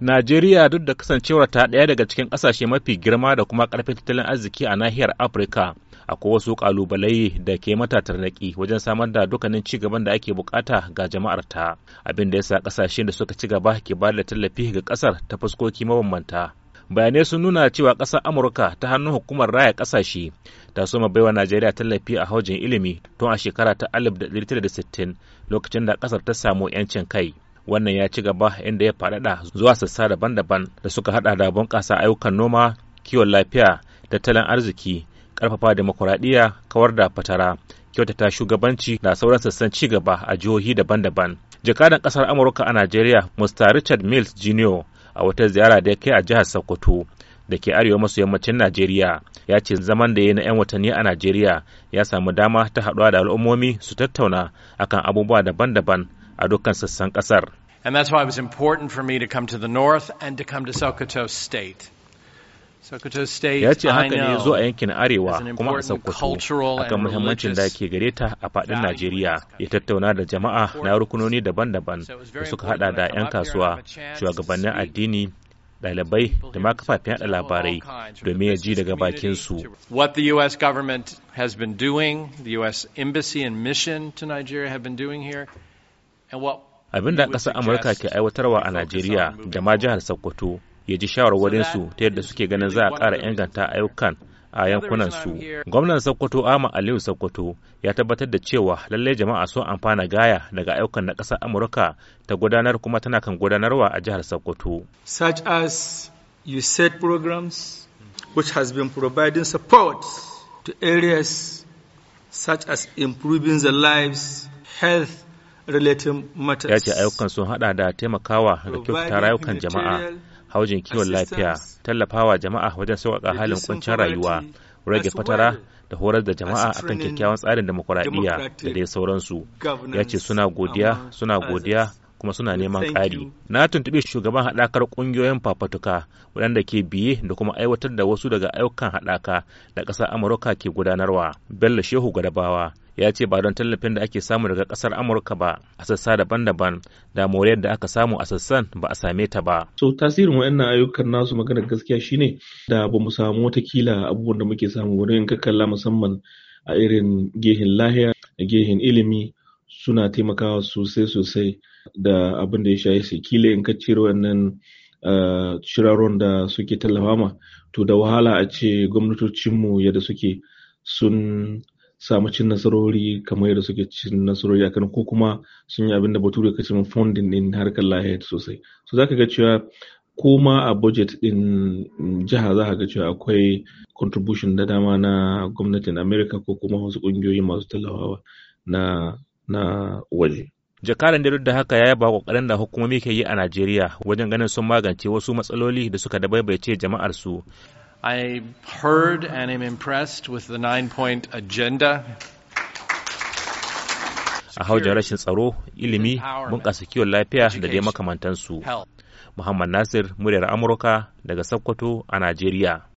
Najeriya duk da kasancewar ta ɗaya daga cikin ƙasashe mafi girma da kuma ƙarfin tattalin arziki a nahiyar Afirka, akwai wasu ƙalubalai da ke mata tarnaki wajen samar da dukkanin ci gaban da ake bukata ga jama'ar ta, abin da yasa ƙasashen da suka ci gaba ke ba da tallafi ga ƙasar ta fuskoki mabambanta. bayanai sun nuna cewa ƙasar amurka ta hannun hukumar raya ƙasashe ta soma baiwa najeriya tallafi a haujin ilimi tun a shekara ta 1960 lokacin da ƙasar ta samu 'yancin kai wannan ya ci gaba inda ya faɗaɗa zuwa sassa daban-daban da suka haɗa da bunƙasa ayyukan noma kiwon lafiya tattalin arziki ƙarfafa demokuraɗiyya kawar da fatara kyautata shugabanci na sauran sassan ci gaba a jihohi daban-daban jakadan ƙasar amurka a najeriya mr richard mills jr a wata ziyara da ya kai a jihar sokoto da ke arewa maso yammacin Najeriya ya ce zaman da ya yi na 'yan watanni a Najeriya ya samu dama ta haɗuwa da al'ummomi su tattauna akan abubuwa daban-daban a dukkan sassan ƙasar. And that's why it was important for me to come to the north and to come to Sokoto State. Sokoto State, ya ce haka ne zuwa yankin arewa kuma a Sokoto akan muhimmancin da ke gare ta a faɗin Najeriya ya tattauna da jama'a na rukunoni daban-daban da suka hada da 'yan kasuwa, shugabannin addini, ɗalibai da ma kafafen yaɗa labarai domin ya ji daga su What the U.S. government has been doing, the U.S. embassy and mission to Nigeria have been doing here, and what abin da ƙasar amurka ke aiwatarwa a najeriya da ma jihar sokoto ya ji shawarwarinsu ta yadda suke ganin za a ƙara inganta ayyukan a yankunan su gwamnan sokoto ama aliyu sokoto ya tabbatar da cewa lallai jama'a sun amfana gaya daga ayyukan na ƙasar amurka ta gudanar kuma tana kan gudanarwa a jihar sokoto such as you said programs which has been providing support to areas such as improving the lives health ya ce ayyukan sun hada da taimakawa da kyautata rayukan jama'a haujin kiwon lafiya tallafawa jama'a wajen sauƙaƙa halin kuncin rayuwa rage fatara da horar da jama'a akan kyakkyawan tsarin demokuraɗiyya da dai sauransu ya ce suna godiya suna godiya kuma suna neman ƙari na tuntuɓi shugaban haɗakar ƙungiyoyin fafatuka waɗanda ke biye da kuma aiwatar da wasu daga ayyukan haɗaka da ƙasar amurka ke gudanarwa bello shehu gadabawa ya ce ba don tallafin da ake samu daga kasar amurka ba a sassa daban-daban da moriyar da aka samu a sassan ba a same ta ba so tasirin wayannan ayyukan nasu maganar gaskiya shine da ba mu samu watakila abubuwan da muke samu wurin ka kalla musamman a irin gehin lahiya da gehin ilimi suna taimakawa sosai sosai da abin da ya shaye su kila in ka cire wannan ah, shiraron da suke tallafa ma to da wahala a ce gwamnatocinmu yadda suke sun samu cin nasarori kamar yadda suke cin nasarori akan ko kuma sun yi abin da bature ka cin din harkar lahiyar sosai so za ka ga cewa ko a budget din jiha za ka ga cewa akwai contribution da dama na gwamnatin america ko kuma wasu kungiyoyi masu tallafawa na na waje jakaran da da haka ya yaba kokarin da hukumomi ke yi a najeriya wajen ganin sun magance wasu matsaloli da suka dabaibace jama'ar su I heard and am impressed with the nine point agenda. A rashin tsaro, ilimi, bunƙasa kiwon lafiya da dai makamantansu. Muhammad Nasir, muryar Amurka daga Sokoto a Najeriya.